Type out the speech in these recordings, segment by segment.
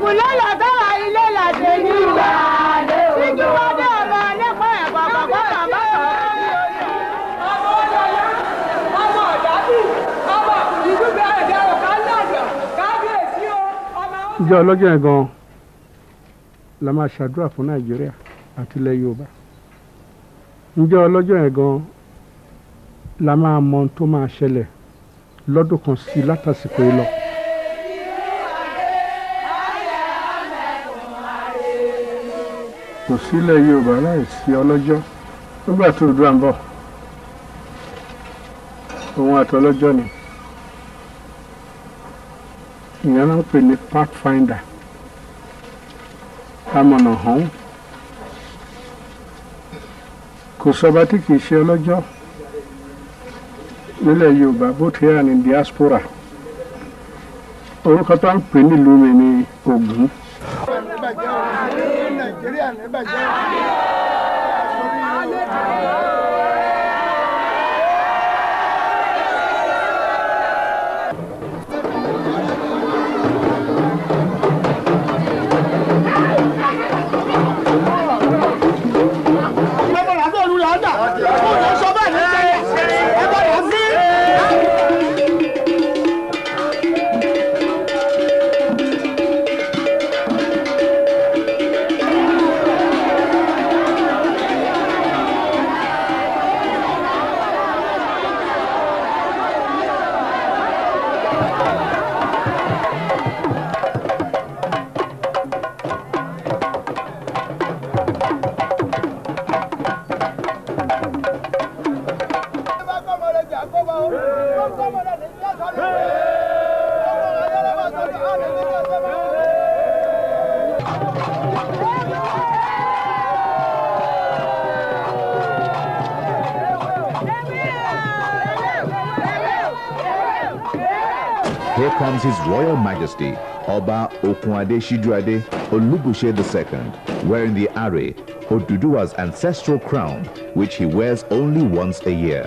ẹ̀bùn lọ́lá bá wa ilé làdé ní wa síjú wa dé ọ̀rọ̀ nípa ẹ̀bọ̀ bàbá bàbá. ọmọ ọlọlá ọmọ ọ̀dájú ọmọ ìlú bẹ̀rẹ̀ dẹrọ káńdàjọ kábíyèsí o ọmọ. ìjọ ọlọ́jọ́ yẹn gan-an la máa ṣàdúrà fún nàìjíríà àti ilẹ̀ yorùbá ǹjẹ́ ọlọ́jọ́ yẹn gan-an la máa mọ ohun tó máa ṣẹlẹ̀ lọ́dún kan sí látàsìkò yìí lọ. kò sílẹ̀ yorùbá láì sí ọlọ́jọ́ nígbà tó dùn à ń bọ̀ òun àtọlọ́jọ́ ni ìyẹn náà ń pè ní pathfinder amọ̀nà hàn kò sọba tí kìí ṣe ọlọ́jọ́ nílẹ̀ yorùbá bó ti hàn ní diaspora orúkọ tó ń pè nílùú mi ní Ògún. É Azerbaijão. Here comes His Royal Majesty, Oba Okunade Shijuade Olubushe II, wearing the Are, Oduduwa's ancestral crown, which he wears only once a year.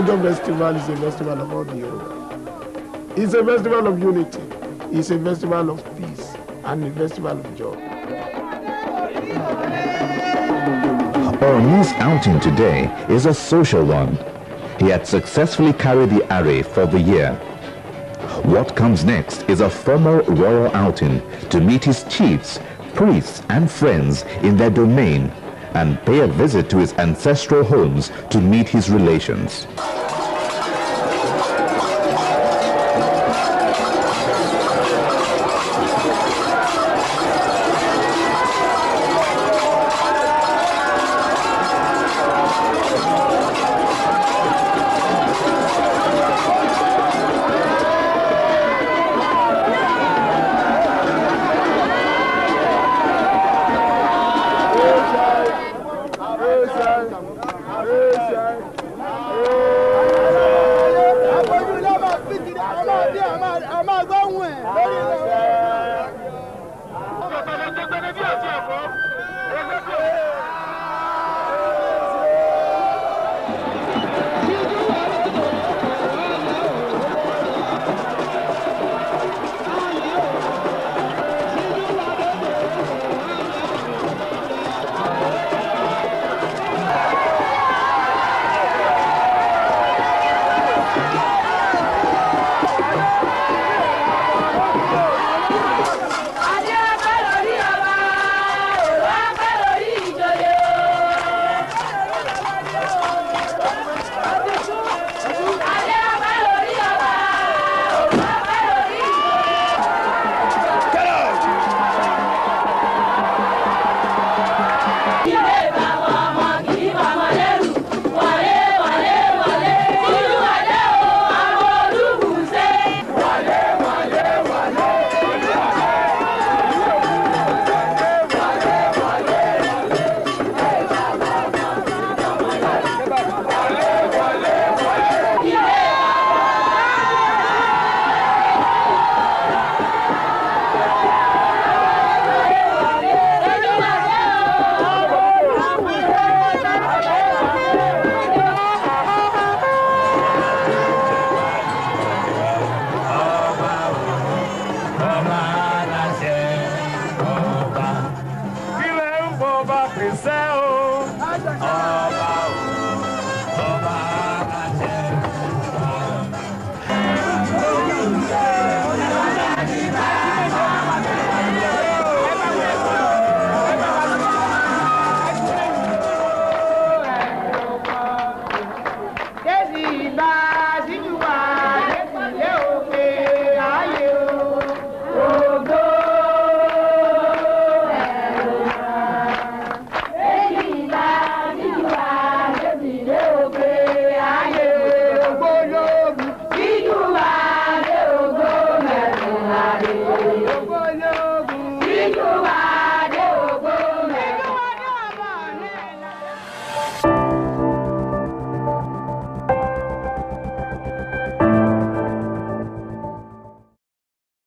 Ibadan Festival is a festival of all the It's a festival of unity. It's a festival of peace and a festival of joy. Our outing today is a social one. He had successfully carried the array for the year. What comes next is a formal royal outing to meet his chiefs, priests and friends in their domain and pay a visit to his ancestral homes to meet his relations.